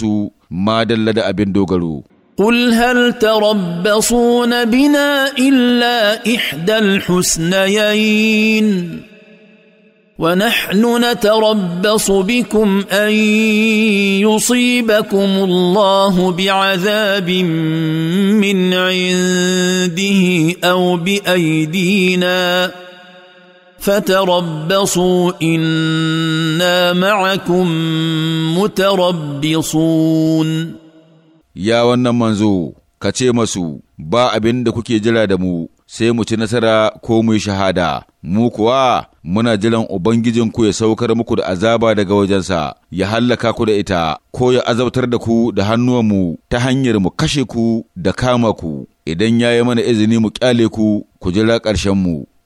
tu ma dalla abin dogaro قل هل تربصون بنا الا احدى الحسنيين ونحن نتربص بكم ان يصيبكم الله بعذاب من عنده او بايدينا فتربصوا انا معكم متربصون يا wannan manzo ka ce masu ba abin da kuke jira da mu sai mu ci nasara ko mu yi shahada mu kuwa muna jiran ubangijinku ya saukar muku da azaba daga wajensa ya hallaka ku da ita ko ya azabtar da ku da hannuwanmu ta hanyar mu kashe ku da kama ku idan ya yi mana izini mu kyale ku ku jira ƙarshenmu.